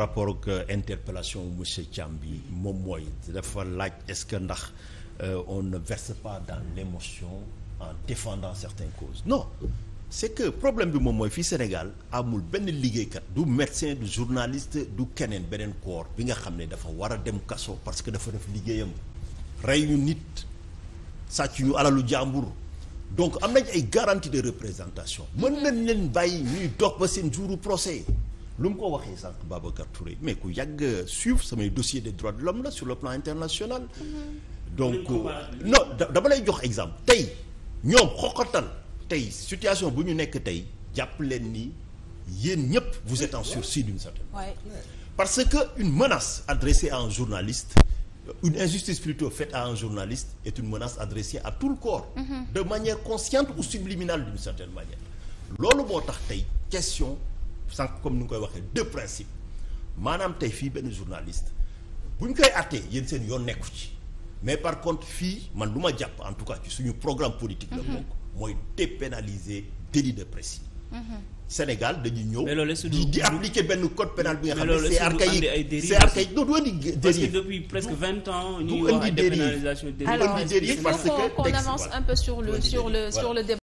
rapport ak euh, interpellation monsieur Thiam bi moom mooy dafa laaj est-ce que ndax euh, on ne verse pas dans l'émotion en défendant certaines causes non c'est que problème bi moom mooy fii Sénégal amul benn liggéeykat du médecin du journaliste du keneen beneen corps bi nga xam ne dafa war a dem kaso parce que dafa def liggéeyam rey ñu nit sàcc ñu alalu jàmbur donc am nañ ay garantie de représentation mën nañ leen bàyyi ñuy dox ba seen jouru procès lu mu ko waxee sànq Babacar Touré mais ku yàgg suivre samay dossier des droits de l'homme la sur le plan international donc non dama lay jox exemple tey ñoom xoqatal tey situation bu ñu nekk tey jàpp leen ni yéen ñëpp vous êtes en sursis d'une certaine ouais. parce que une menace adressée à un journaliste une injustice plutôt faite à un journaliste est une menace adressée à tout le corps mm -hmm. de manière consciente ou subliminale d'une certaine manière loolu moo tax tey question sànq comme ni nga koy waxee deux principes maanaam tey fii benn journaliste bu ñu koy àttee yéen seen yoon nekku ci mais par contre fii man lu ma jàpp en tout cas ci suñu programme politique la mhm. bokk mooy dépénaliser délit de presse yi mhm. Sénégal dañuy ñëw di di appliquer benn code pénal bi nga xam ne c'est archaïque c'est doo du andi dérive depuis presque vingt ans ñuy wax ay dépénalisation dérive que on avance